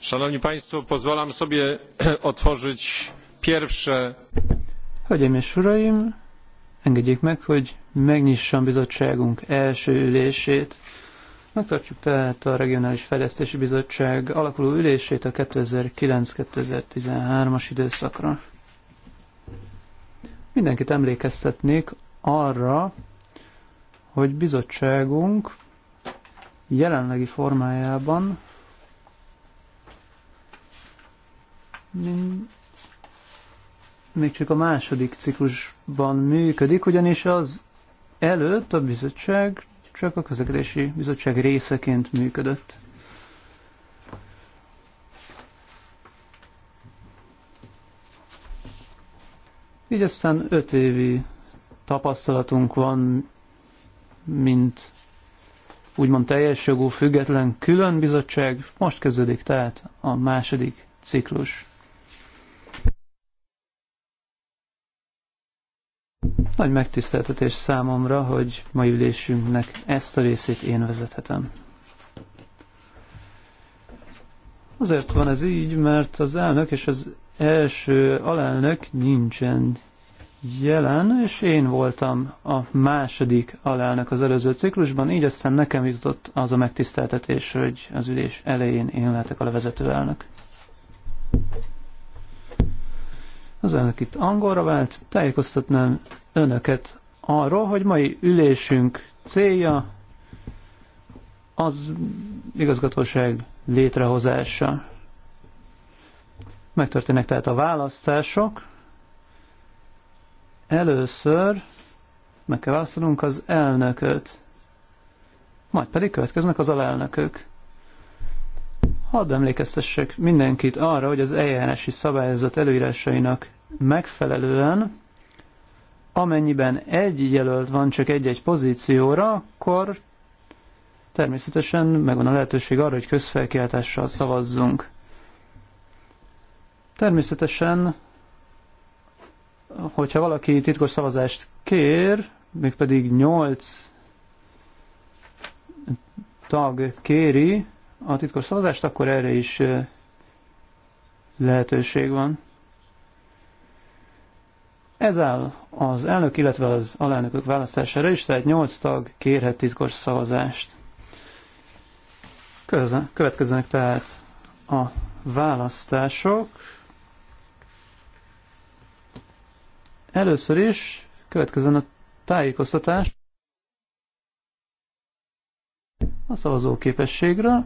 Szanowni Państwo, pozwalam sobie otworzyć pierwsze... Hölgyeim és Uraim, engedjék meg, hogy megnyissam bizottságunk első ülését. Megtartjuk tehát a Regionális Fejlesztési Bizottság alakuló ülését a 2009-2013-as időszakra. Mindenkit emlékeztetnék arra, hogy bizottságunk jelenlegi formájában még csak a második ciklusban működik, ugyanis az előtt a bizottság csak a közlekedési bizottság részeként működött. Így aztán öt évi tapasztalatunk van, mint úgymond teljes jogú független külön bizottság. Most kezdődik tehát a második ciklus. Nagy megtiszteltetés számomra, hogy mai ülésünknek ezt a részét én vezethetem. Azért van ez így, mert az elnök és az első alelnök nincsen jelen, és én voltam a második alelnök az előző ciklusban, így aztán nekem jutott az a megtiszteltetés, hogy az ülés elején én lehetek a vezető elnök. Az elnök itt angolra vált, tájékoztatnám önöket arról, hogy mai ülésünk célja az igazgatóság létrehozása. Megtörténnek tehát a választások. Először meg kell választanunk az elnököt, majd pedig következnek az alelnökök. Hadd emlékeztessek mindenkit arra, hogy az eljárási szabályzat előírásainak megfelelően amennyiben egy jelölt van csak egy-egy pozícióra, akkor természetesen megvan a lehetőség arra, hogy közfelkiáltással szavazzunk. Természetesen, hogyha valaki titkos szavazást kér, mégpedig 8 tag kéri a titkos szavazást, akkor erre is lehetőség van. Ez áll az elnök, illetve az alelnökök választására is, tehát 8 tag kérhet titkos szavazást. Következnek tehát a választások. Először is következzen a tájékoztatás a szavazóképességről.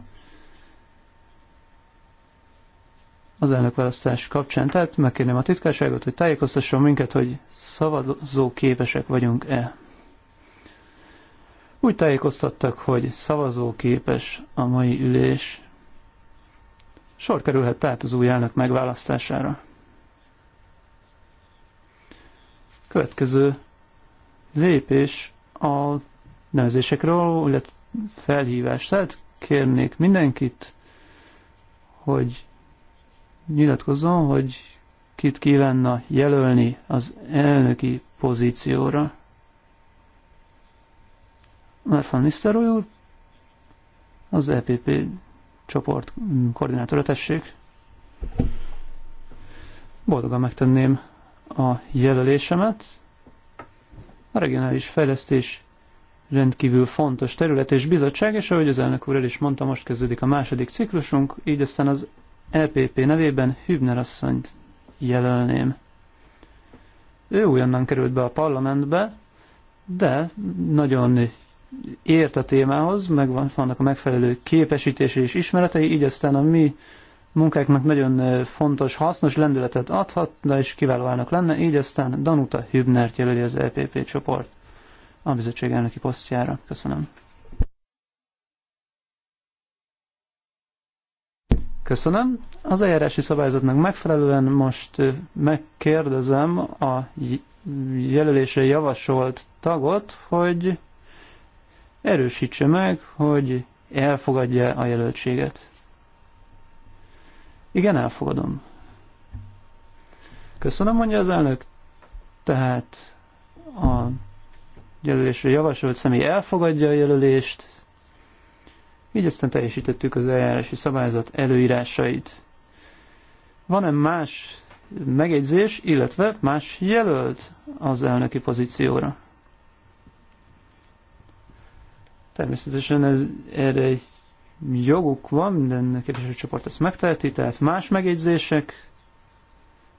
az elnökválasztás kapcsán. Tehát megkérném a titkárságot, hogy tájékoztasson minket, hogy szavazó képesek vagyunk-e. Úgy tájékoztattak, hogy szavazóképes a mai ülés. Sor kerülhet tehát az új elnök megválasztására. Következő lépés a nevezésekről, illetve felhívás. Tehát kérnék mindenkit, hogy nyilatkozzon, hogy kit kívánna jelölni az elnöki pozícióra. Már van Nisztároly úr, az EPP csoport koordinátora tessék. Boldogan megtenném a jelölésemet. A regionális fejlesztés rendkívül fontos terület és bizottság, és ahogy az elnök úr el is mondta, most kezdődik a második ciklusunk, így aztán az EPP nevében Hübner asszonyt jelölném. Ő újonnan került be a parlamentbe, de nagyon ért a témához, meg vannak a megfelelő képesítési és ismeretei, így aztán a mi munkáknak nagyon fontos, hasznos lendületet adhat, de is kiváló elnök lenne, így aztán Danuta Hübnert jelöli az EPP csoport a bizottság elnöki posztjára. Köszönöm. Köszönöm. Az eljárási szabályzatnak megfelelően most megkérdezem a jelölése javasolt tagot, hogy erősítse meg, hogy elfogadja a jelöltséget. Igen, elfogadom. Köszönöm, mondja az elnök. Tehát a jelölésre javasolt személy elfogadja a jelölést, így aztán teljesítettük az eljárási szabályzat előírásait. Van-e más megjegyzés, illetve más jelölt az elnöki pozícióra? Természetesen ez erre joguk van, minden képviselőcsoport ezt megteheti, tehát más megjegyzések.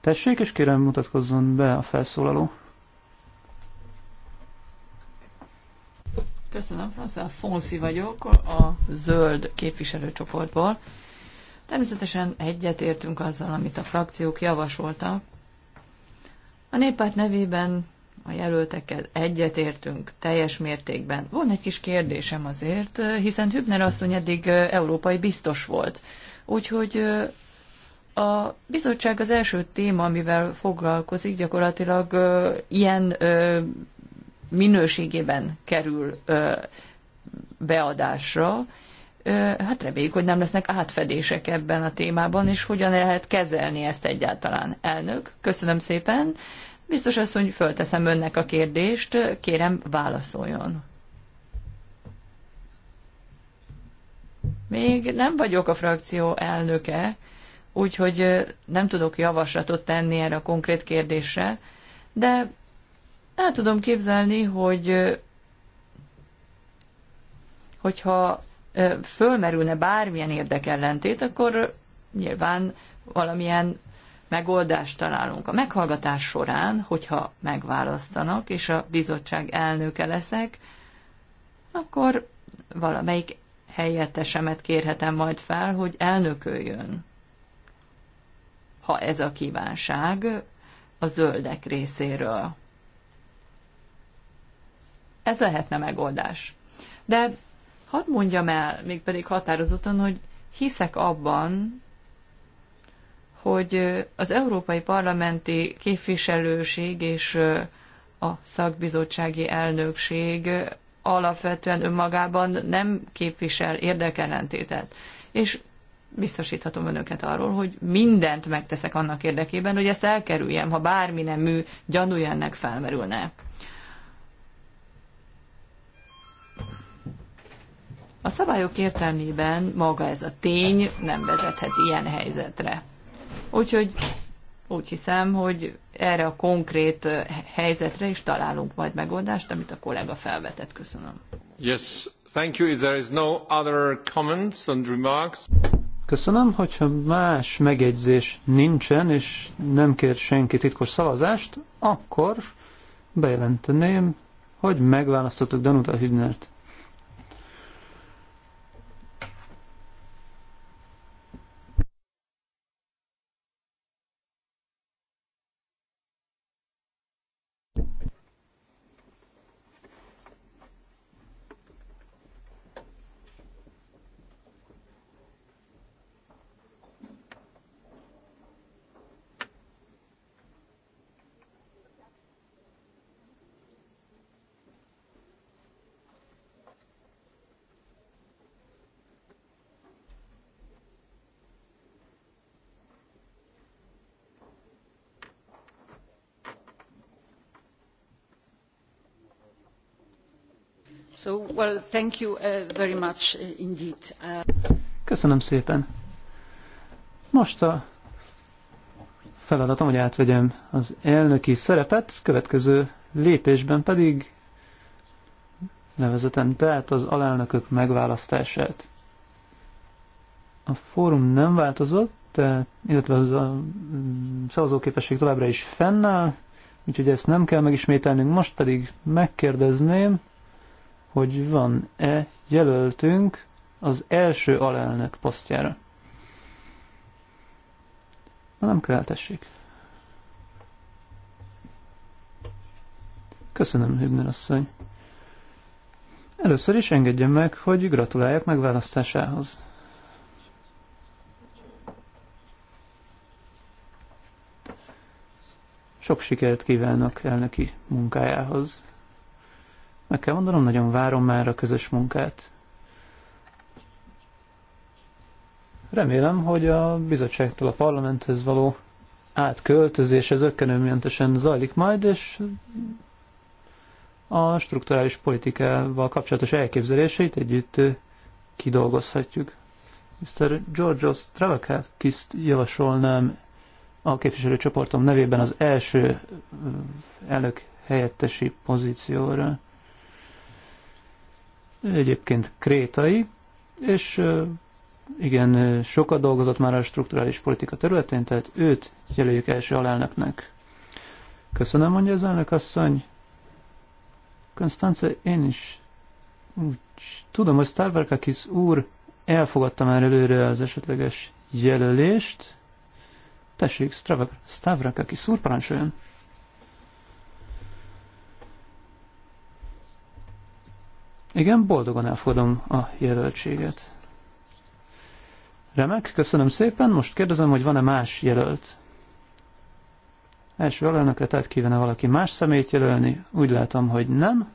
Tessék, és kérem mutatkozzon be a felszólaló. Köszönöm, François. Fonszi vagyok a zöld képviselőcsoportból. Természetesen egyetértünk azzal, amit a frakciók javasoltak. A néppárt nevében a jelöltekkel egyetértünk teljes mértékben. Van egy kis kérdésem azért, hiszen Hübner asszony eddig európai biztos volt. Úgyhogy a bizottság az első téma, amivel foglalkozik, gyakorlatilag ilyen minőségében kerül beadásra, hát reméljük, hogy nem lesznek átfedések ebben a témában, és hogyan lehet kezelni ezt egyáltalán. Elnök, köszönöm szépen. Biztos azt, hogy fölteszem önnek a kérdést, kérem válaszoljon. Még nem vagyok a frakció elnöke, úgyhogy nem tudok javaslatot tenni erre a konkrét kérdésre, de el tudom képzelni, hogy hogyha fölmerülne bármilyen érdekellentét, akkor nyilván valamilyen megoldást találunk. A meghallgatás során, hogyha megválasztanak, és a bizottság elnöke leszek, akkor valamelyik helyettesemet kérhetem majd fel, hogy elnököljön. Ha ez a kívánság a zöldek részéről. Ez lehetne megoldás. De hadd mondjam el, mégpedig határozottan, hogy hiszek abban, hogy az Európai Parlamenti képviselőség és a szakbizottsági elnökség alapvetően önmagában nem képvisel érdekellentétet. És biztosíthatom önöket arról, hogy mindent megteszek annak érdekében, hogy ezt elkerüljem, ha bármi nemű gyanúja ennek felmerülne. A szabályok értelmében maga ez a tény nem vezethet ilyen helyzetre. Úgyhogy úgy hiszem, hogy erre a konkrét helyzetre is találunk majd megoldást, amit a kollega felvetett. Köszönöm. Yes, thank you. If there is no other comments and remarks. Köszönöm, hogyha más megjegyzés nincsen, és nem kér senki titkos szavazást, akkor bejelenteném, hogy megválasztottuk Danuta Hübnert. Uh, uh, uh, Köszönöm szépen. Most a feladatom, hogy átvegyem az elnöki szerepet, következő lépésben pedig nevezetem tehát az alelnökök megválasztását. A fórum nem változott, de, illetve az a mm, szavazóképesség továbbra is fennáll, úgyhogy ezt nem kell megismételnünk, most pedig megkérdezném hogy van-e jelöltünk az első alelnök posztjára. Na nem kell eltessék. Köszönöm, Hübner asszony. Először is engedjem meg, hogy gratuláljak megválasztásához. Sok sikert kívánok elnöki munkájához. Meg kell mondanom, nagyon várom már a közös munkát. Remélem, hogy a bizottságtól a parlamenthez való átköltözés ez ökkenőmentesen zajlik majd, és a strukturális politikával kapcsolatos elképzeléseit együtt kidolgozhatjuk. Mr. Georgios Travakakiszt javasolnám a képviselőcsoportom nevében az első elnök helyettesi pozícióra egyébként krétai, és igen, sokat dolgozott már a strukturális politika területén, tehát őt jelöljük első alelnöknek. Köszönöm, mondja az elnök asszony. Konstance, én is úgy tudom, hogy Starverkakis úr elfogadta már előre az esetleges jelölést. Tessék, Stavrakakis úr, parancsoljon! Igen, boldogan elfogadom a jelöltséget. Remek, köszönöm szépen. Most kérdezem, hogy van-e más jelölt? Első alelnökre tehát kívánna valaki más személyt jelölni? Úgy látom, hogy nem.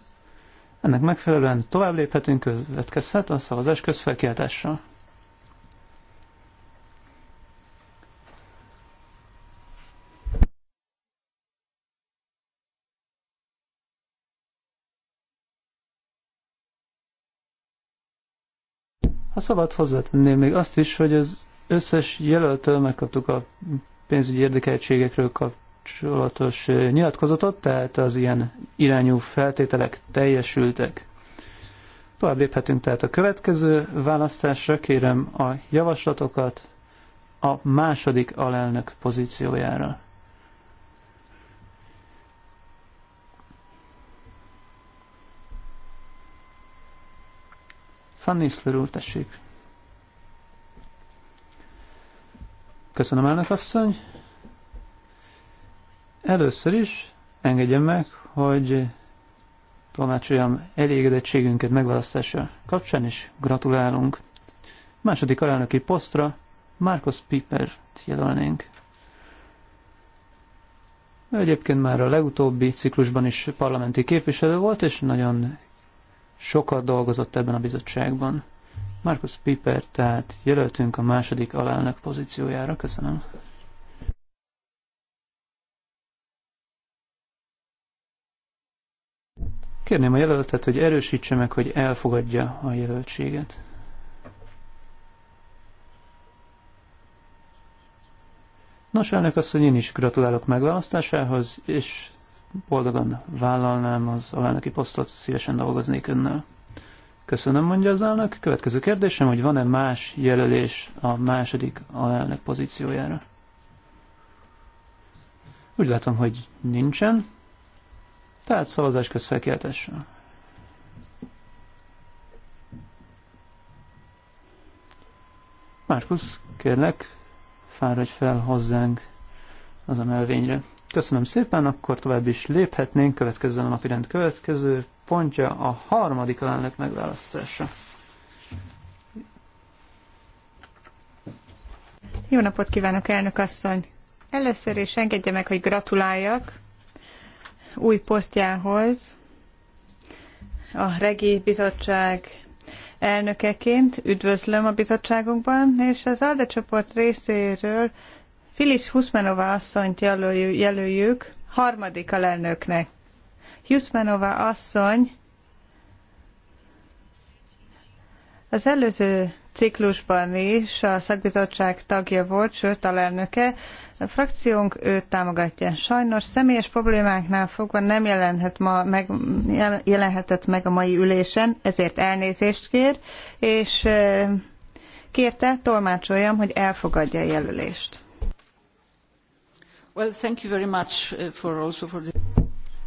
Ennek megfelelően tovább léphetünk, következhet a szavazás közfelkiáltással. szabad hozzátenném még azt is, hogy az összes jelöltől megkaptuk a pénzügyi érdekeltségekről kapcsolatos eh, nyilatkozatot, tehát az ilyen irányú feltételek teljesültek. Tovább léphetünk tehát a következő választásra, kérem a javaslatokat a második alelnök pozíciójára. Fanny Niszler úr, tessék. Köszönöm, elnök asszony. Először is engedjem meg, hogy tolmácsoljam elégedettségünket megválasztása kapcsán, és gratulálunk. Második alelnöki posztra Marcos Pipert jelölnénk. egyébként már a legutóbbi ciklusban is parlamenti képviselő volt, és nagyon sokat dolgozott ebben a bizottságban. Markus Piper, tehát jelöltünk a második alelnök pozíciójára. Köszönöm. Kérném a jelöltet, hogy erősítse meg, hogy elfogadja a jelöltséget. Nos, elnök asszony, én is gratulálok megválasztásához, és boldogan vállalnám az alelnöki posztot, szívesen dolgoznék önnel. Köszönöm, mondja az elnök. Következő kérdésem, hogy van-e más jelölés a második alelnök pozíciójára? Úgy látom, hogy nincsen. Tehát szavazás közfelkiáltással. Márkusz, kérlek, fáradj fel hozzánk az a melvényre. Köszönöm szépen, akkor tovább is léphetnénk, következzen a rend következő pontja a harmadik alelnök megválasztása. Jó napot kívánok, elnök asszony! Először is engedje meg, hogy gratuláljak új posztjához a Regi Bizottság elnökeként. Üdvözlöm a bizottságunkban, és az ALDE csoport részéről Filisz Huszmanova asszonyt jelöljük harmadik alelnöknek. Huszmanova asszony az előző ciklusban is a szakbizottság tagja volt, sőt alelnöke. A frakciónk őt támogatja. Sajnos személyes problémáknál fogva nem jelenhet ma meg, jelenhetett meg a mai ülésen, ezért elnézést kér, és kérte, tolmácsoljam, hogy elfogadja a jelölést.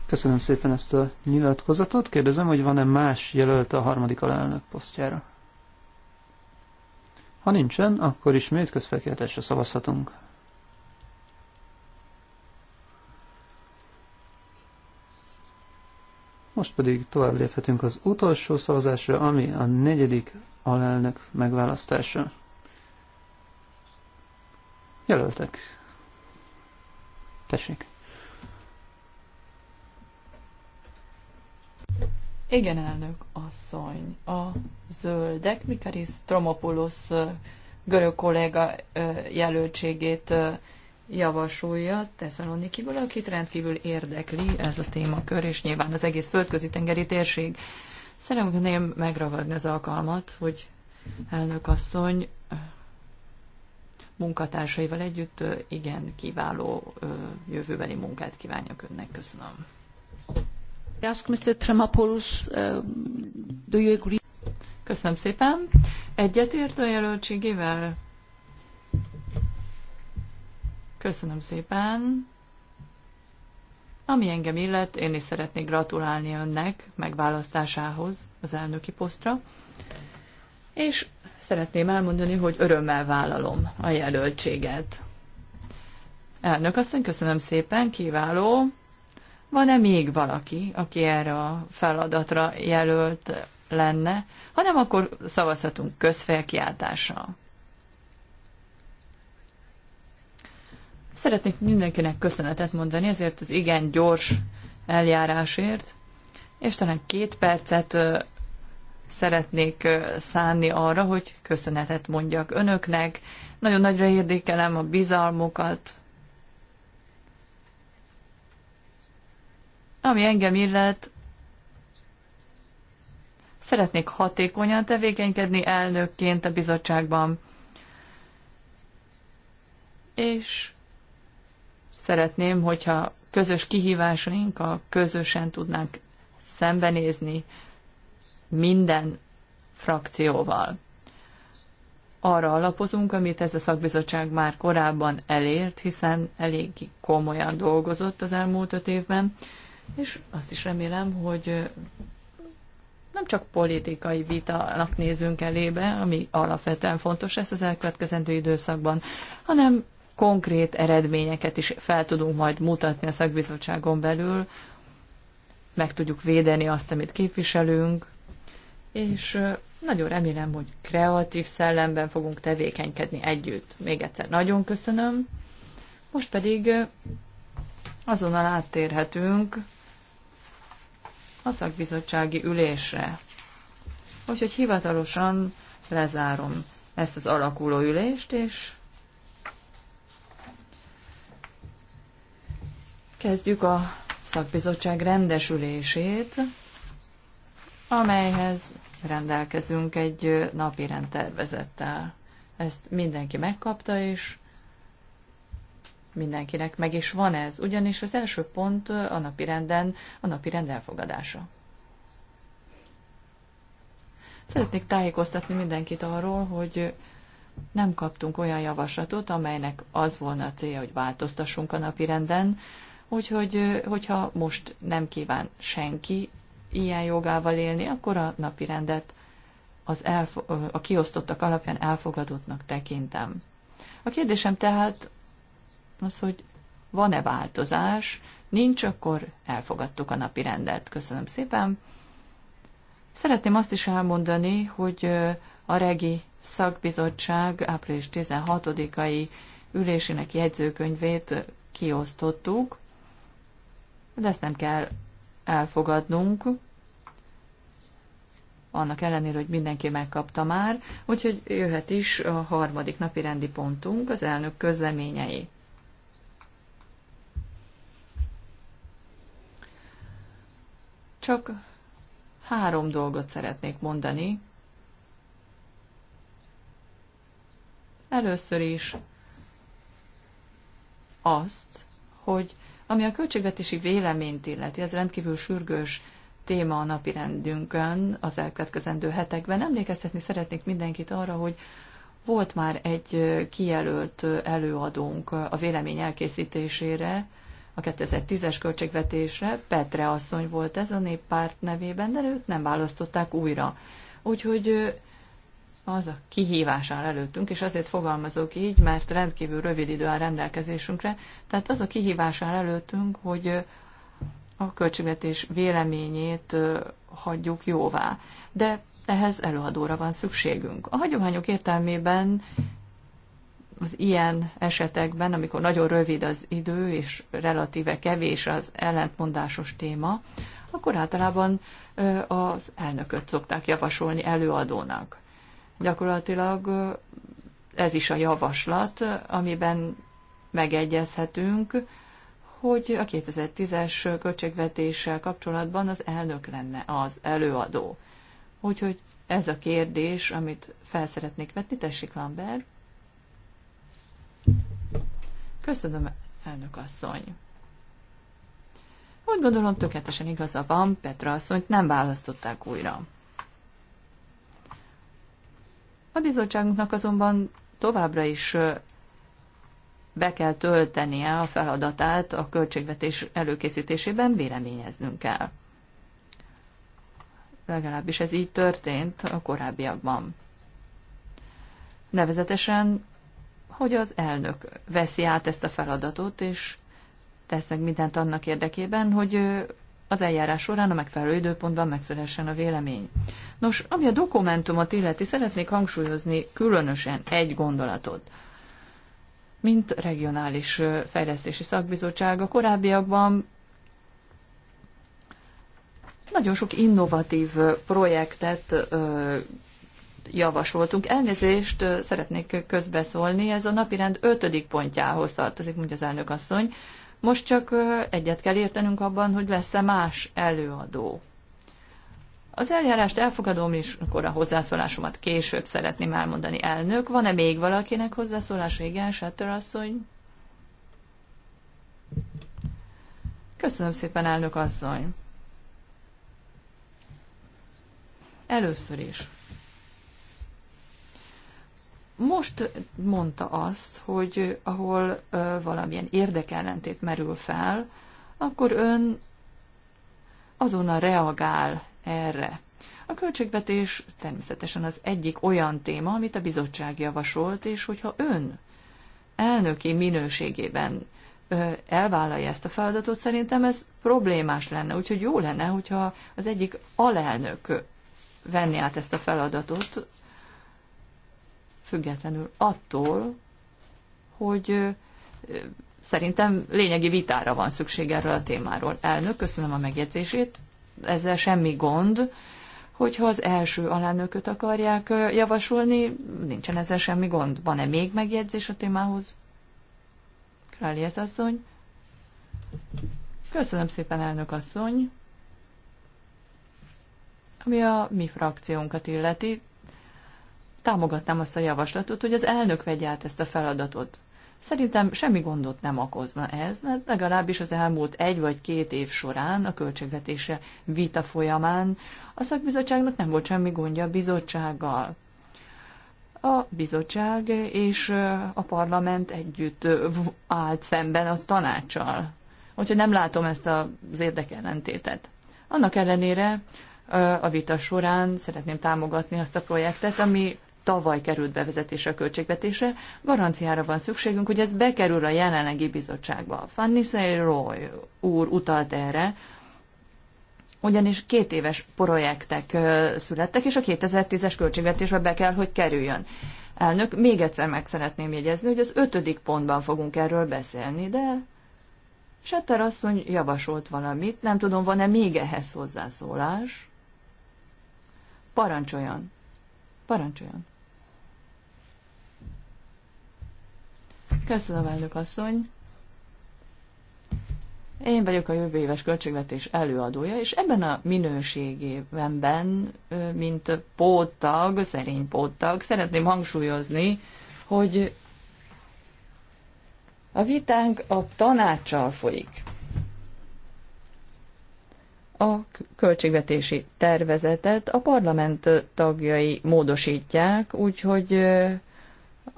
Köszönöm szépen ezt a nyilatkozatot. Kérdezem, hogy van-e más jelölt a harmadik alelnök posztjára? Ha nincsen, akkor ismét közfelkiáltásra szavazhatunk. Most pedig tovább léphetünk az utolsó szavazásra, ami a negyedik alelnök megválasztása. Jelöltek. Tessék. Igen, elnök asszony. A zöldek Mikaris Tromopoulos görög kolléga jelöltségét javasolja Tesszalonikiból, akit rendkívül érdekli ez a témakör, és nyilván az egész földközi tengeri térség. Szeretném megragadni az alkalmat, hogy elnök asszony munkatársaival együtt igen kiváló jövőbeli munkát kívánok önnek. Köszönöm. Tremopoulos, uh, do you agree? Köszönöm szépen. Egyetért a jelöltségével? Köszönöm szépen. Ami engem illet, én is szeretnék gratulálni önnek megválasztásához az elnöki posztra, és szeretném elmondani, hogy örömmel vállalom a jelöltséget. Elnök asszony, köszönöm szépen, kiváló. Van-e még valaki, aki erre a feladatra jelölt lenne, hanem akkor szavazhatunk közfelkiáltással. Szeretnék mindenkinek köszönetet mondani ezért az igen gyors eljárásért, és talán két percet szeretnék szánni arra, hogy köszönetet mondjak önöknek. Nagyon nagyra érdékelem a bizalmukat, Ami engem illet, szeretnék hatékonyan tevékenykedni elnökként a bizottságban, és szeretném, hogyha közös kihívásainkkal közösen tudnánk szembenézni, minden frakcióval. Arra alapozunk, amit ez a szakbizottság már korábban elért, hiszen elég komolyan dolgozott az elmúlt öt évben, és azt is remélem, hogy nem csak politikai vitának nézünk elébe, ami alapvetően fontos lesz az elkövetkezendő időszakban, hanem konkrét eredményeket is fel tudunk majd mutatni a szakbizottságon belül, meg tudjuk védeni azt, amit képviselünk, és nagyon remélem, hogy kreatív szellemben fogunk tevékenykedni együtt. Még egyszer nagyon köszönöm. Most pedig azonnal áttérhetünk a szakbizottsági ülésre. Úgyhogy hivatalosan lezárom ezt az alakuló ülést, és kezdjük a szakbizottság rendesülését, amelyhez rendelkezünk egy napi rendtervezettel. Ezt mindenki megkapta, és mindenkinek meg is van ez, ugyanis az első pont a napi renden, a napi rend elfogadása. Szeretnék tájékoztatni mindenkit arról, hogy nem kaptunk olyan javaslatot, amelynek az volna a célja, hogy változtassunk a napi renden, úgyhogy hogyha most nem kíván senki ilyen jogával élni, akkor a napi rendet az elfo- a kiosztottak alapján elfogadottnak tekintem. A kérdésem tehát az, hogy van-e változás, nincs, akkor elfogadtuk a napi rendet. Köszönöm szépen. Szeretném azt is elmondani, hogy a Regi Szakbizottság április 16-ai ülésének jegyzőkönyvét kiosztottuk, de ezt nem kell elfogadnunk, annak ellenére, hogy mindenki megkapta már, úgyhogy jöhet is a harmadik napi rendi pontunk, az elnök közleményei. Csak három dolgot szeretnék mondani. Először is azt, hogy ami a költségvetési véleményt illeti, ez rendkívül sürgős téma a napi rendünkön az elkövetkezendő hetekben. Emlékeztetni szeretnék mindenkit arra, hogy volt már egy kijelölt előadónk a vélemény elkészítésére, a 2010-es költségvetésre. Petre asszony volt ez a néppárt nevében, de őt nem választották újra. Úgyhogy az a kihívás áll előttünk, és azért fogalmazok így, mert rendkívül rövid idő áll rendelkezésünkre. Tehát az a kihívás áll előttünk, hogy a költségvetés véleményét hagyjuk jóvá. De ehhez előadóra van szükségünk. A hagyományok értelmében az ilyen esetekben, amikor nagyon rövid az idő, és relatíve kevés az ellentmondásos téma, akkor általában az elnököt szokták javasolni előadónak. Gyakorlatilag ez is a javaslat, amiben megegyezhetünk, hogy a 2010-es költségvetéssel kapcsolatban az elnök lenne az előadó. Úgyhogy ez a kérdés, amit fel szeretnék vetni. Tessék, Lambert. Köszönöm, elnök asszony. Úgy gondolom, tökéletesen igaza van, Petra asszonyt nem választották újra. A bizottságunknak azonban továbbra is be kell töltenie a feladatát a költségvetés előkészítésében, véleményeznünk kell. Legalábbis ez így történt a korábbiakban. Nevezetesen, hogy az elnök veszi át ezt a feladatot, és tesz meg mindent annak érdekében, hogy az eljárás során a megfelelő időpontban megszülessen a vélemény. Nos, ami a dokumentumot illeti, szeretnék hangsúlyozni különösen egy gondolatot – mint regionális fejlesztési szakbizottság a korábbiakban nagyon sok innovatív projektet javasoltunk. Elnézést szeretnék közbeszólni, ez a napirend ötödik pontjához tartozik, mondja az elnök asszony. Most csak egyet kell értenünk abban, hogy lesz-e más előadó. Az eljárást elfogadom, és akkor a hozzászólásomat később szeretném elmondani. Elnök, van-e még valakinek hozzászólás? Igen, Sátor asszony. Köszönöm szépen, elnök asszony. Először is. Most mondta azt, hogy ahol ö, valamilyen érdekellentét merül fel, akkor ön azonnal reagál erre. A költségvetés természetesen az egyik olyan téma, amit a bizottság javasolt, és hogyha ön elnöki minőségében elvállalja ezt a feladatot, szerintem ez problémás lenne. Úgyhogy jó lenne, hogyha az egyik alelnök venni át ezt a feladatot, függetlenül attól, hogy szerintem lényegi vitára van szükség erről a témáról. Elnök, köszönöm a megjegyzését ezzel semmi gond. Hogyha az első alelnököt akarják javasolni, nincsen ezzel semmi gond. Van-e még megjegyzés a témához? Králi ez asszony. Köszönöm szépen, elnök asszony. Ami a mi frakciónkat illeti, támogatnám azt a javaslatot, hogy az elnök vegye át ezt a feladatot. Szerintem semmi gondot nem okozna ez, mert legalábbis az elmúlt egy vagy két év során a költségvetése vita folyamán a szakbizottságnak nem volt semmi gondja a bizottsággal. A bizottság és a parlament együtt állt szemben a tanácsal. Úgyhogy nem látom ezt az érdekellentétet. Annak ellenére a vita során szeretném támogatni azt a projektet, ami tavaly került bevezetésre a költségvetésre, garanciára van szükségünk, hogy ez bekerül a jelenlegi bizottságba. Fanny Roy úr utalt erre, ugyanis két éves projektek születtek, és a 2010-es költségvetésbe be kell, hogy kerüljön. Elnök, még egyszer meg szeretném jegyezni, hogy az ötödik pontban fogunk erről beszélni, de Setter asszony javasolt valamit, nem tudom, van-e még ehhez hozzászólás? Parancsoljon! Parancsoljon! Köszönöm, elnök asszony. Én vagyok a jövő éves költségvetés előadója, és ebben a minőségében, mint póttag, szerény póttag, szeretném hangsúlyozni, hogy a vitánk a tanácssal folyik. A költségvetési tervezetet a parlament tagjai módosítják, úgyhogy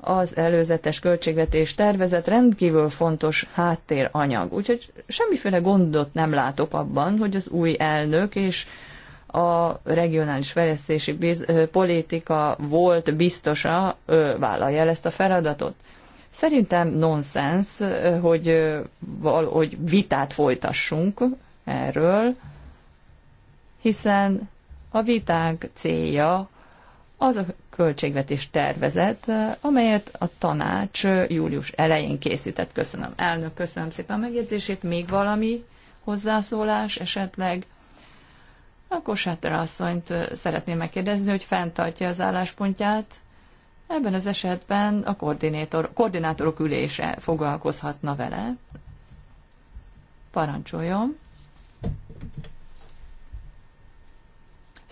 az előzetes költségvetés tervezet rendkívül fontos háttéranyag. Úgyhogy semmiféle gondot nem látok abban, hogy az új elnök és a regionális fejlesztési biz- politika volt biztosa vállalja el ezt a feladatot. Szerintem nonsens, hogy, hogy vitát folytassunk erről, hiszen a viták célja az a költségvetés tervezet, amelyet a tanács július elején készített. Köszönöm, elnök, köszönöm szépen a megjegyzését. Még valami hozzászólás esetleg? Akkor Kossáter asszonyt szeretném megkérdezni, hogy fenntartja az álláspontját. Ebben az esetben a koordinátor, koordinátorok ülése foglalkozhatna vele. Parancsoljon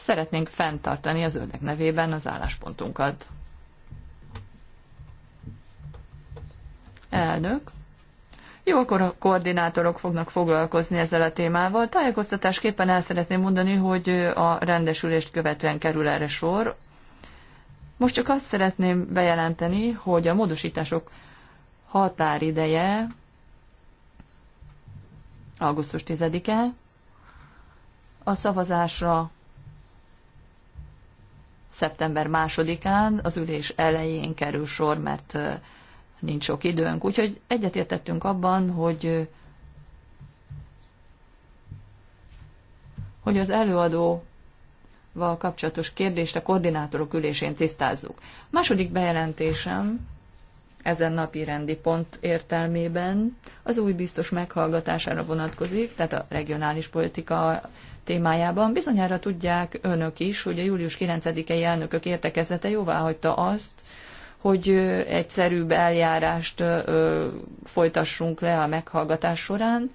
szeretnénk fenntartani az öldek nevében az álláspontunkat. Elnök. Jó, akkor a koordinátorok fognak foglalkozni ezzel a témával. Tájékoztatásképpen el szeretném mondani, hogy a rendesülést követően kerül erre sor. Most csak azt szeretném bejelenteni, hogy a módosítások határideje augusztus 10-e, a szavazásra szeptember másodikán az ülés elején kerül sor, mert nincs sok időnk. Úgyhogy egyetértettünk abban, hogy hogy az előadóval kapcsolatos kérdést a koordinátorok ülésén tisztázzuk. Második bejelentésem ezen napi rendi pont értelmében az új biztos meghallgatására vonatkozik, tehát a regionális politika témájában. Bizonyára tudják önök is, hogy a július 9-i elnökök értekezete hagyta azt, hogy egyszerűbb eljárást folytassunk le a meghallgatás során.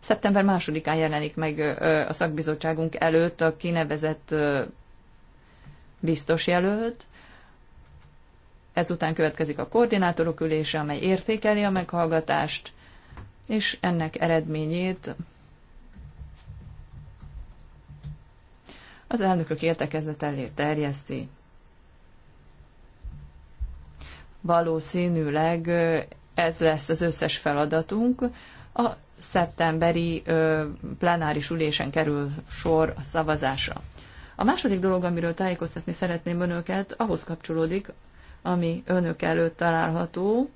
Szeptember másodikán jelenik meg a szakbizottságunk előtt a kinevezett biztos jelölt. Ezután következik a koordinátorok ülése, amely értékeli a meghallgatást, és ennek eredményét az elnökök értekezet elé terjeszti. Valószínűleg ez lesz az összes feladatunk. A szeptemberi plenáris ülésen kerül sor a szavazásra. A második dolog, amiről tájékoztatni szeretném önöket, ahhoz kapcsolódik, ami önök előtt található,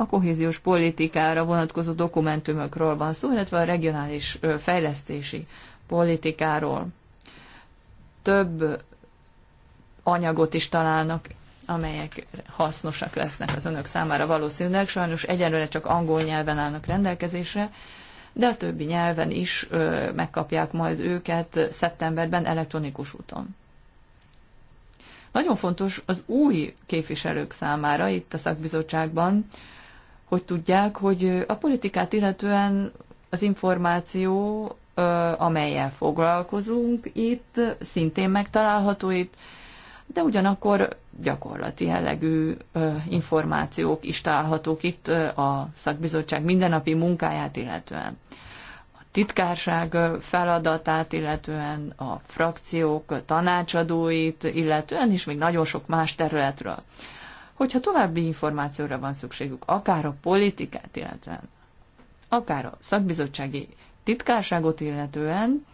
a kohéziós politikára vonatkozó dokumentumokról van szó, illetve a regionális fejlesztési politikáról. Több anyagot is találnak, amelyek hasznosak lesznek az önök számára valószínűleg. Sajnos egyenlőre csak angol nyelven állnak rendelkezésre, de a többi nyelven is megkapják majd őket szeptemberben elektronikus úton. Nagyon fontos az új képviselők számára itt a szakbizottságban, hogy tudják, hogy a politikát illetően az információ, amelyel foglalkozunk itt, szintén megtalálható itt, de ugyanakkor gyakorlati jellegű információk is találhatók itt a szakbizottság mindennapi munkáját illetően. A titkárság feladatát illetően, a frakciók tanácsadóit illetően, és még nagyon sok más területről. Hogyha további információra van szükségük, akár a politikát illetően, akár a szakbizottsági titkárságot illetően,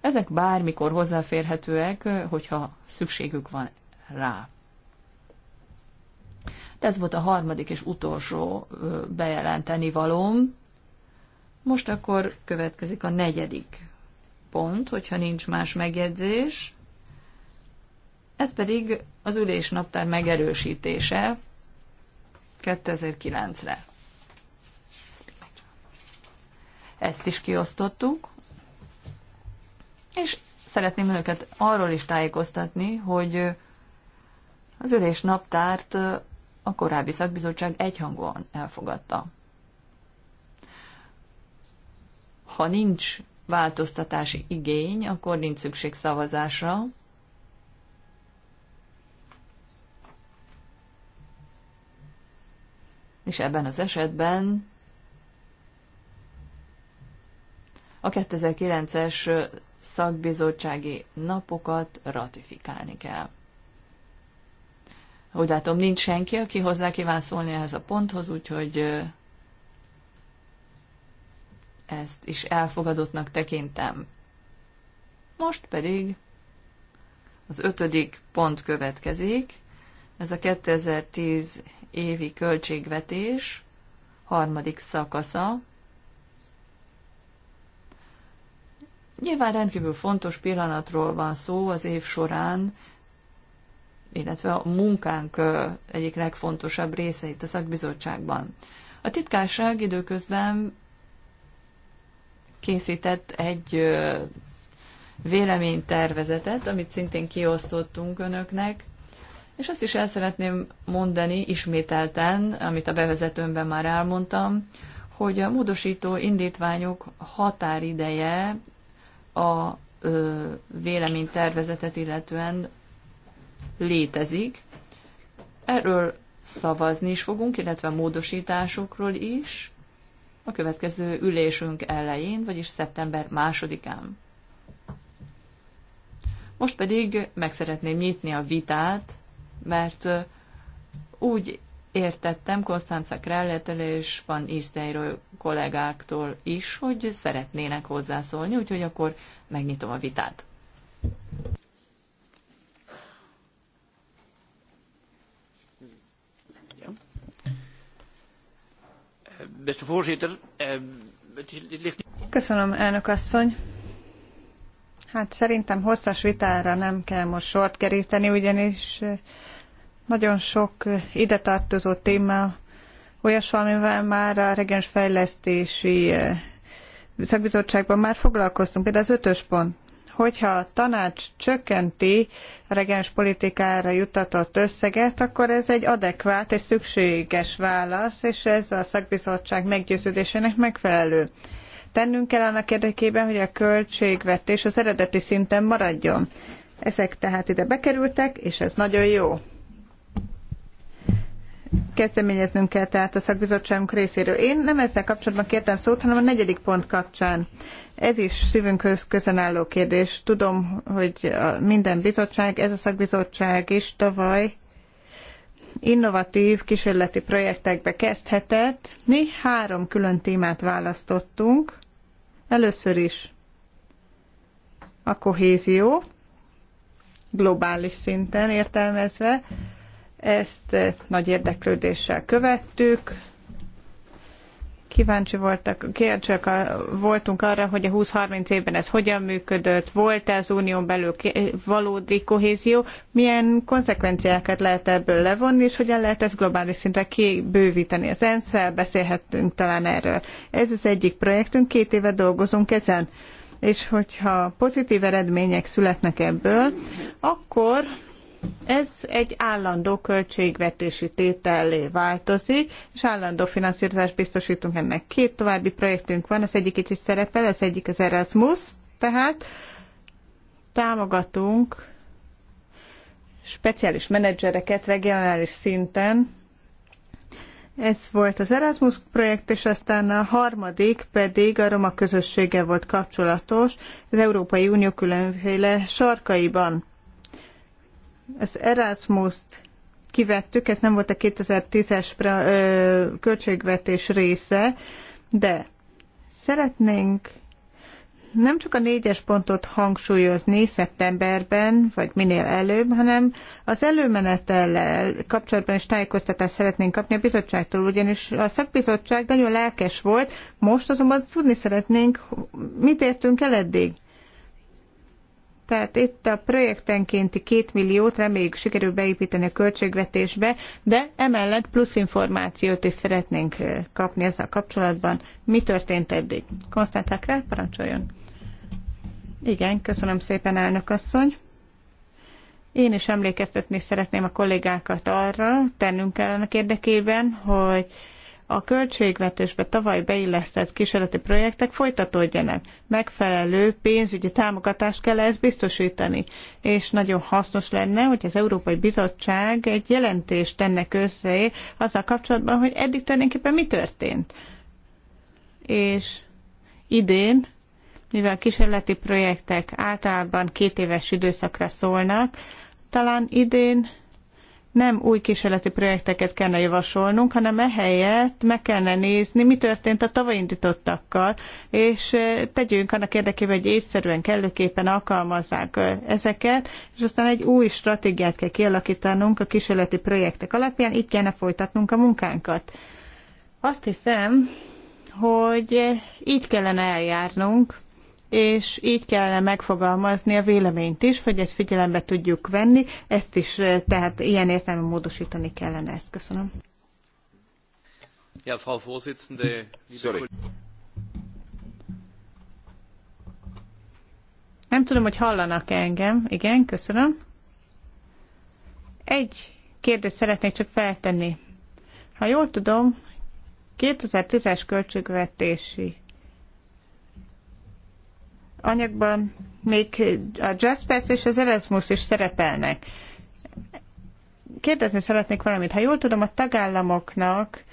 ezek bármikor hozzáférhetőek, hogyha szükségük van rá. De ez volt a harmadik és utolsó bejelenteni valóm. Most akkor következik a negyedik pont, hogyha nincs más megjegyzés. Ez pedig az ülésnaptár megerősítése 2009-re. Ezt is kiosztottuk, és szeretném önöket arról is tájékoztatni, hogy az ülés naptárt a korábbi szakbizottság egyhangúan elfogadta. Ha nincs változtatási igény, akkor nincs szükség szavazásra, és ebben az esetben a 2009-es szakbizottsági napokat ratifikálni kell. Úgy látom, nincs senki, aki hozzá kíván szólni ehhez a ponthoz, úgyhogy ezt is elfogadottnak tekintem. Most pedig az ötödik pont következik, ez a 2010 évi költségvetés harmadik szakasza. Nyilván rendkívül fontos pillanatról van szó az év során, illetve a munkánk egyik legfontosabb része itt a szakbizottságban. A titkárság időközben készített egy véleménytervezetet, amit szintén kiosztottunk önöknek, és azt is el szeretném mondani ismételten, amit a bevezetőmben már elmondtam, hogy a módosító indítványok határideje a ö, véleménytervezetet illetően létezik. Erről szavazni is fogunk, illetve a módosításokról is a következő ülésünk elején, vagyis szeptember másodikán. Most pedig meg szeretném nyitni a vitát mert úgy értettem Konstanca Krelletől és Van Isztejről kollégáktól is, hogy szeretnének hozzászólni, úgyhogy akkor megnyitom a vitát. Ehm, Köszönöm, elnök asszony. Hát szerintem hosszas vitára nem kell most sort keríteni, ugyanis nagyon sok ide tartozó téma olyas, amivel már a regens fejlesztési szakbizottságban már foglalkoztunk, például az ötös pont. Hogyha a tanács csökkenti a regens politikára jutatott összeget, akkor ez egy adekvát és szükséges válasz, és ez a szakbizottság meggyőződésének megfelelő. Tennünk kell annak érdekében, hogy a költségvetés az eredeti szinten maradjon. Ezek tehát ide bekerültek, és ez nagyon jó. Kezdeményeznünk kell tehát a szakbizottságunk részéről. Én nem ezzel kapcsolatban kértem szót, hanem a negyedik pont kapcsán. Ez is szívünkhöz közen álló kérdés. Tudom, hogy minden bizottság, ez a szakbizottság is tavaly innovatív kísérleti projektekbe kezdhetett. Mi három külön témát választottunk. Először is a kohézió, globális szinten értelmezve. Ezt nagy érdeklődéssel követtük, kíváncsi voltak, kíváncsiak voltunk arra, hogy a 20-30 évben ez hogyan működött, volt-e az unión belül valódi kohézió, milyen konzekvenciákat lehet ebből levonni, és hogyan lehet ezt globális szintre kibővíteni. Az ensz beszélhetünk talán erről. Ez az egyik projektünk, két éve dolgozunk ezen. És hogyha pozitív eredmények születnek ebből, akkor ez egy állandó költségvetési tétellé változik, és állandó finanszírozást biztosítunk ennek. Két további projektünk van, az egyik itt is szerepel, az egyik az Erasmus, tehát támogatunk speciális menedzsereket regionális szinten. Ez volt az Erasmus projekt, és aztán a harmadik pedig a roma közössége volt kapcsolatos az Európai Unió különféle sarkaiban az Erasmus-t kivettük, ez nem volt a 2010-es költségvetés része, de szeretnénk nem csak a négyes pontot hangsúlyozni szeptemberben, vagy minél előbb, hanem az előmenetellel kapcsolatban is tájékoztatást szeretnénk kapni a bizottságtól, ugyanis a szakbizottság nagyon lelkes volt, most azonban tudni szeretnénk, mit értünk el eddig. Tehát itt a projektenkénti két milliót reméljük sikerül beépíteni a költségvetésbe, de emellett plusz információt is szeretnénk eh, kapni ezzel kapcsolatban. Mi történt eddig? Konstantin Král, parancsoljon! Igen, köszönöm szépen, elnök asszony! Én is emlékeztetni szeretném a kollégákat arra, tennünk kell annak érdekében, hogy a költségvetésbe tavaly beillesztett kísérleti projektek folytatódjanak. Megfelelő pénzügyi támogatást kell ezt biztosítani, és nagyon hasznos lenne, hogy az Európai Bizottság egy jelentést tenne közzé azzal kapcsolatban, hogy eddig tulajdonképpen mi történt. És idén, mivel kísérleti projektek általában két éves időszakra szólnak, talán idén nem új kísérleti projekteket kellene javasolnunk, hanem ehelyett meg kellene nézni, mi történt a tavaly indítottakkal, és tegyünk annak érdekében, hogy észszerűen kellőképpen alkalmazzák ezeket, és aztán egy új stratégiát kell kialakítanunk a kísérleti projektek alapján, itt kellene folytatnunk a munkánkat. Azt hiszem, hogy így kellene eljárnunk, és így kellene megfogalmazni a véleményt is, hogy ezt figyelembe tudjuk venni, ezt is eh, tehát ilyen értelemben módosítani kellene ezt. Köszönöm. Ja, Frau Vorsitzende, Nem tudom, hogy hallanak -e engem. Igen, köszönöm. Egy kérdést szeretnék csak feltenni. Ha jól tudom, 2010-es költségvetési anyagban még a Jaspers és az Erasmus is szerepelnek. Kérdezni szeretnék valamit. Ha jól tudom, a tagállamoknak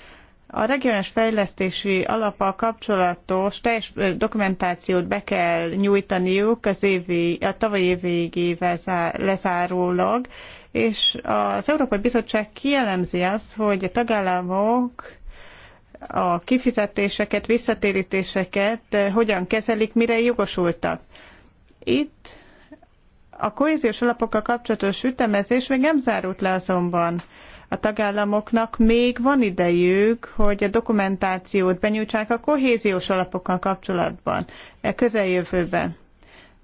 a regionális fejlesztési alapal kapcsolatos teljes dokumentációt be kell nyújtaniuk az évi, a tavalyi év végével lezárólag, és az Európai Bizottság kielemzi azt, hogy a tagállamok a kifizetéseket, visszatérítéseket eh, hogyan kezelik, mire jogosultak. Itt a kohéziós alapokkal kapcsolatos ütemezés még nem zárult le azonban. A tagállamoknak még van idejük, hogy a dokumentációt benyújtsák a kohéziós alapokkal kapcsolatban, e közeljövőben.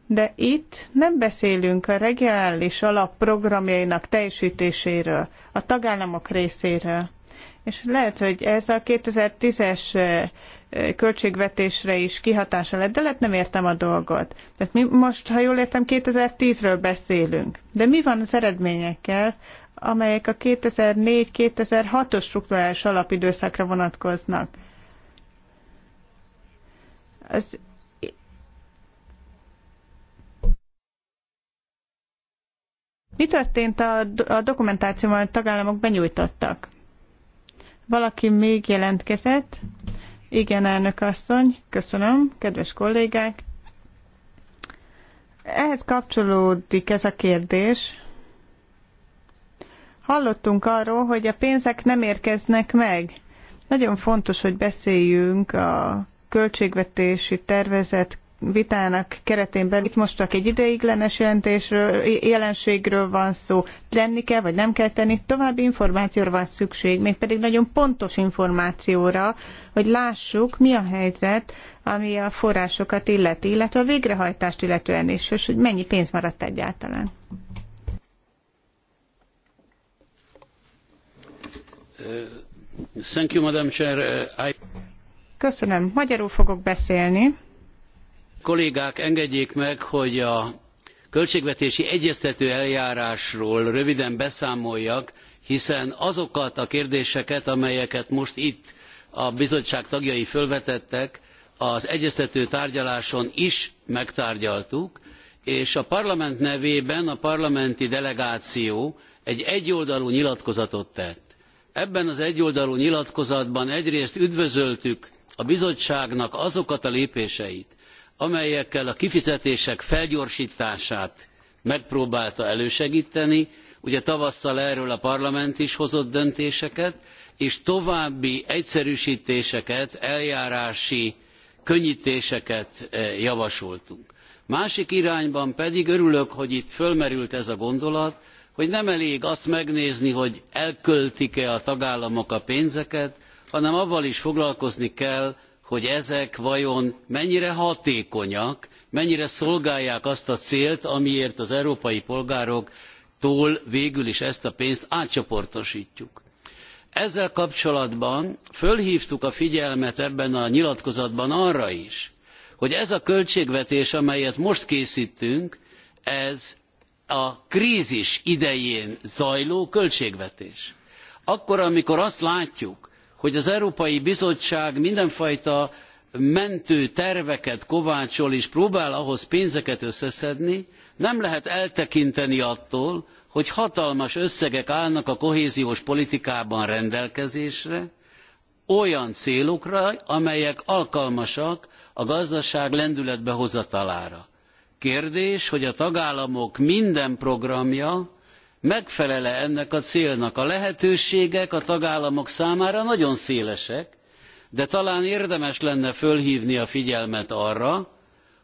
De itt nem beszélünk a regionális alap programjainak teljesítéséről, a tagállamok részéről. És lehet, hogy ez a 2010-es költségvetésre is kihatása lett, de lehet nem értem a dolgot. Tehát mi most, ha jól értem, 2010-ről beszélünk. De mi van az eredményekkel, amelyek a 2004-2006-os strukturális alapidőszakra vonatkoznak? Az Mi történt a, a dokumentációval, a tagállamok benyújtottak? Valaki még jelentkezett? Igen, elnök asszony, köszönöm, kedves kollégák. Ehhez kapcsolódik ez a kérdés. Hallottunk arról, hogy a pénzek nem érkeznek meg. Nagyon fontos, hogy beszéljünk a költségvetési tervezet vitának keretén belül itt most csak egy ideiglenes jelentésről, jelenségről van szó, tenni kell vagy nem kell tenni, további információra van szükség, mégpedig nagyon pontos információra, hogy lássuk, mi a helyzet, ami a forrásokat illeti, illetve a végrehajtást illetően is, és hogy mennyi pénz maradt egyáltalán. Thank you, Madam Chair. I... Köszönöm. Magyarul fogok beszélni. Kollégák, engedjék meg, hogy a költségvetési egyeztető eljárásról röviden beszámoljak, hiszen azokat a kérdéseket, amelyeket most itt a bizottság tagjai fölvetettek, az egyeztető tárgyaláson is megtárgyaltuk, és a parlament nevében a parlamenti delegáció egy egyoldalú nyilatkozatot tett. Ebben az egyoldalú nyilatkozatban egyrészt üdvözöltük a bizottságnak azokat a lépéseit, amelyekkel a kifizetések felgyorstását megpróbálta elősegteni ugye tavasszal erről a parlament is hozott döntéseket és további egyszerűstéseket eljárási könnytéseket eh, javasoltunk. másik irányban pedig örülök hogy itt fölmerült ez a gondolat hogy nem elég azt megnézni hogy elköltik e a tagállamok a pénzeket hanem avval is foglalkozni kell hogy ezek vajon mennyire hatékonyak, mennyire szolgálják azt a célt, amiért az európai polgároktól végül is ezt a pénzt átcsoportosítjuk. Ezzel kapcsolatban fölhívtuk a figyelmet ebben a nyilatkozatban arra is, hogy ez a költségvetés, amelyet most készítünk, ez a krízis idején zajló költségvetés. Akkor, amikor azt látjuk, hogy az Európai Bizottság mindenfajta mentő terveket kovácsol és próbál ahhoz pénzeket összeszedni, nem lehet eltekinteni attól, hogy hatalmas összegek állnak a kohéziós politikában rendelkezésre, olyan célokra, amelyek alkalmasak a gazdaság lendületbe hozatalára. Kérdés, hogy a tagállamok minden programja e ennek a célnak. A lehetőségek a tagállamok számára nagyon szélesek, de talán érdemes lenne fölhívni a figyelmet arra,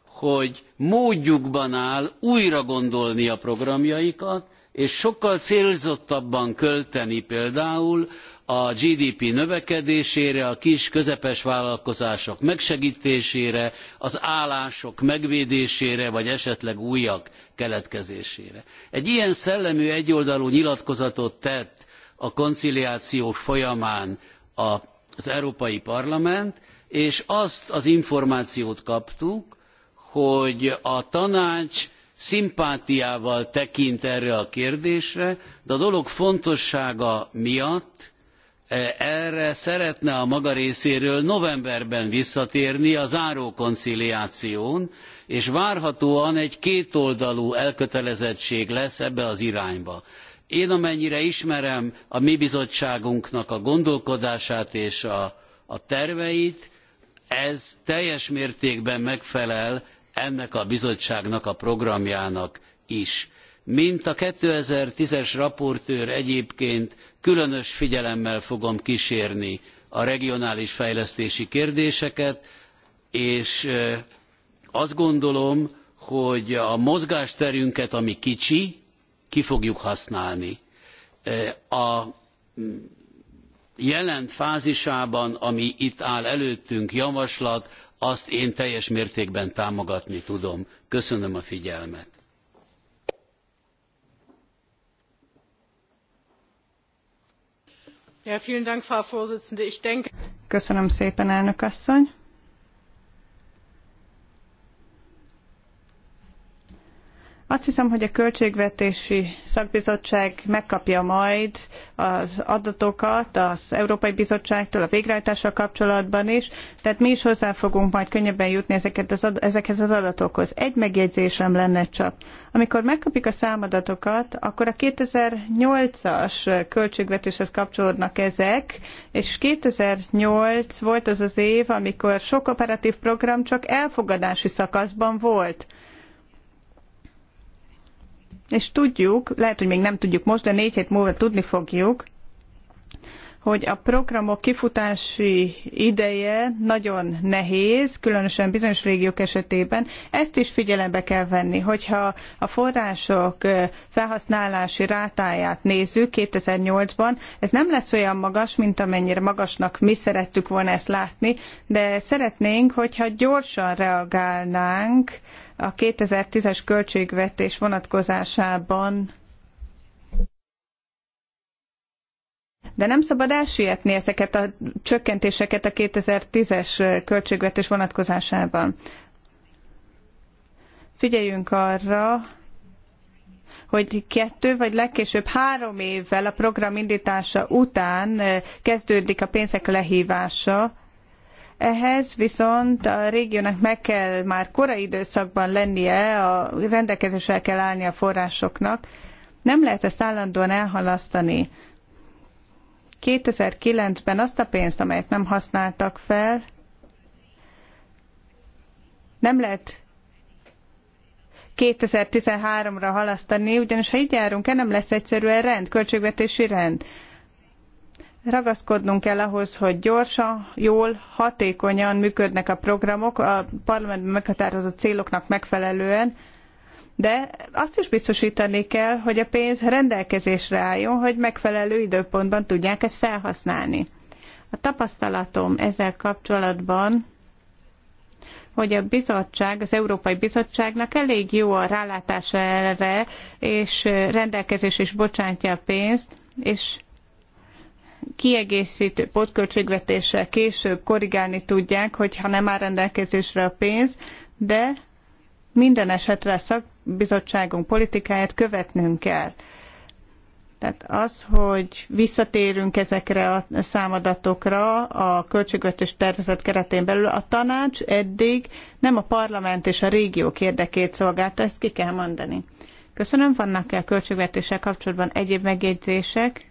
hogy módjukban áll újra gondolni a programjaikat, és sokkal célzottabban költeni például a GDP növekedésére, a kis közepes vállalkozások megsegítésére, az állások megvédésére, vagy esetleg újak keletkezésére. Egy ilyen szellemű egyoldalú nyilatkozatot tett a konciliáció folyamán az Európai Parlament, és azt az információt kaptuk, hogy a tanács szimpátiával tekint erre a kérdésre, de a dolog fontossága miatt e, erre szeretne a maga részéről novemberben visszatérni a záró konciliáción, és várhatóan egy kétoldalú elkötelezettség lesz ebbe az irányba. Én amennyire ismerem a mi bizottságunknak a gondolkodását és a, a terveit, ez teljes mértékben megfelel ennek a bizottságnak a programjának is. Mint a 2010-es raportőr egyébként különös figyelemmel fogom kísérni a regionális fejlesztési kérdéseket, és azt gondolom, hogy a mozgásterünket, ami kicsi, ki fogjuk használni. A mm, jelen fázisában, ami itt áll előttünk javaslat, azt én teljes mértékben támogatni tudom. Köszönöm a figyelmet. Köszönöm szépen, elnök asszony. Azt hiszem, hogy a Költségvetési Szakbizottság megkapja majd az adatokat az Európai Bizottságtól a végrehajtással kapcsolatban is, tehát mi is hozzá fogunk majd könnyebben jutni ezeket az ezekhez az adatokhoz. Egy megjegyzésem lenne csak. Amikor megkapjuk a számadatokat, akkor a 2008-as költségvetéshez kapcsolódnak ezek, és 2008 volt az az év, amikor sok operatív program csak elfogadási szakaszban volt és tudjuk, lehet, hogy még nem tudjuk most, de négy hét múlva tudni fogjuk, hogy a programok kifutási ideje nagyon nehéz, különösen bizonyos régiók esetében. Ezt is figyelembe kell venni, hogyha a források felhasználási rátáját nézzük 2008-ban, ez nem lesz olyan magas, mint amennyire magasnak mi szerettük volna ezt látni, de szeretnénk, hogyha gyorsan reagálnánk, a 2010-es költségvetés vonatkozásában De nem szabad elsietni ezeket a csökkentéseket a 2010-es költségvetés vonatkozásában. Figyeljünk arra, hogy kettő vagy legkésőbb három évvel a program indítása után eh, kezdődik a pénzek lehívása, ehhez viszont a régiónak meg kell már korai időszakban lennie, a rendelkezésre kell állni a forrásoknak. Nem lehet ezt állandóan elhalasztani. 2009-ben azt a pénzt, amelyet nem használtak fel, nem lehet 2013-ra halasztani, ugyanis ha így járunk el, nem lesz egyszerűen rend, költségvetési rend. Ragaszkodnunk kell ahhoz, hogy gyorsan, jól, hatékonyan működnek a programok a parlamentben meghatározott céloknak megfelelően, de azt is biztosítani kell, hogy a pénz rendelkezésre álljon, hogy megfelelő időpontban tudják ezt felhasználni. A tapasztalatom ezzel kapcsolatban, hogy a bizottság, az Európai Bizottságnak elég jó a rálátása erre, és rendelkezés is bocsátja a pénzt, és kiegészítő pótköltségvetéssel később korrigálni tudják, hogyha nem áll rendelkezésre a pénz, de minden esetre a szakbizottságunk politikáját követnünk kell. Tehát az, hogy visszatérünk ezekre a számadatokra a költségvetés tervezet keretén belül, a tanács eddig nem a parlament és a régiók érdekét szolgálta, ezt ki kell mondani. Köszönöm, vannak-e a költségvetéssel kapcsolatban egyéb megjegyzések?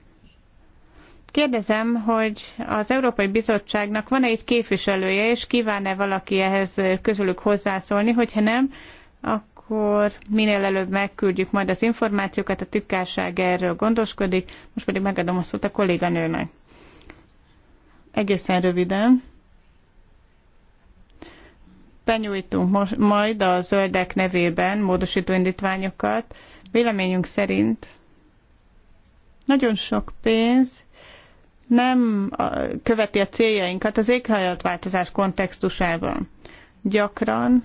Kérdezem, hogy az Európai Bizottságnak van-e itt képviselője, és kíván-e valaki ehhez közülük hozzászólni, hogyha nem, akkor minél előbb megküldjük majd az információkat, a titkárság erről gondoskodik, most pedig megadom a szót a kolléganőnek. Egészen röviden. Benyújtunk most, majd a zöldek nevében módosító indítványokat. Véleményünk szerint nagyon sok pénz nem követi a céljainkat az éghajlatváltozás kontextusában. Gyakran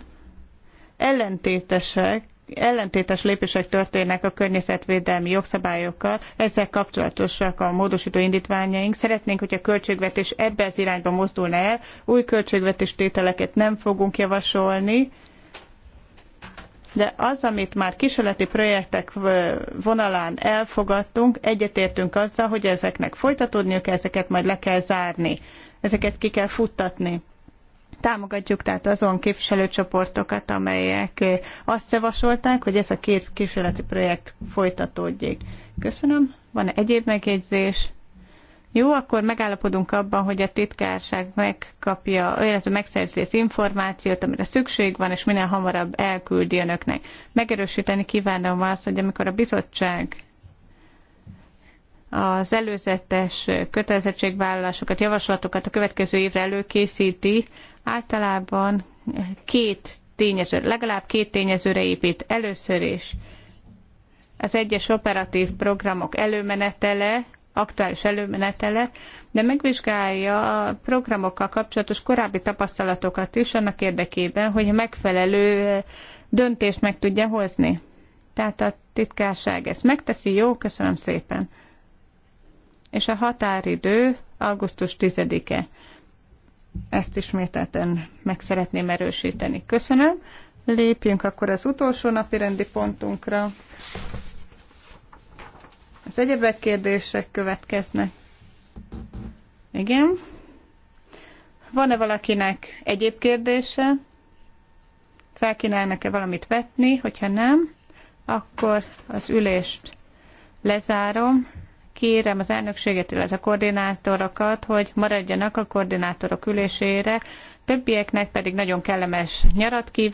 ellentétesek, ellentétes lépések történnek a környezetvédelmi jogszabályokkal, ezzel kapcsolatosak a módosító indítványaink. Szeretnénk, hogy a költségvetés ebbe az irányba mozdulna el, új költségvetés tételeket nem fogunk javasolni, de az, amit már kísérleti projektek vonalán elfogadtunk, egyetértünk azzal, hogy ezeknek folytatódniuk, ezeket majd le kell zárni, ezeket ki kell futtatni. Támogatjuk tehát azon képviselőcsoportokat, amelyek eh, azt javasolták, hogy ez a két kísérleti projekt folytatódjék. Köszönöm. Van-e egyéb megjegyzés? Jó, akkor megállapodunk abban, hogy a titkárság megkapja, illetve megszerzi az információt, amire szükség van, és minél hamarabb elküldi önöknek. Megerősíteni kívánom azt, hogy amikor a bizottság az előzetes kötelezettségvállalásokat, javaslatokat a következő évre előkészíti, általában két tényező, legalább két tényezőre épít. Először is az egyes operatív programok előmenetele, aktuális előmenetele, de megvizsgálja a programokkal kapcsolatos korábbi tapasztalatokat is annak érdekében, hogy a megfelelő döntést meg tudja hozni. Tehát a titkárság ezt megteszi, jó, köszönöm szépen. És a határidő augusztus 10-e. Ezt ismételten meg szeretném erősíteni. Köszönöm. Lépjünk akkor az utolsó napi rendi pontunkra. Az egyebek kérdések következnek. Igen. Van-e valakinek egyéb kérdése? Felkínálnak-e valamit vetni? Hogyha nem, akkor az ülést lezárom. Kérem az elnökséget, illetve a koordinátorokat, hogy maradjanak a koordinátorok ülésére. Többieknek pedig nagyon kellemes nyarat kívánok.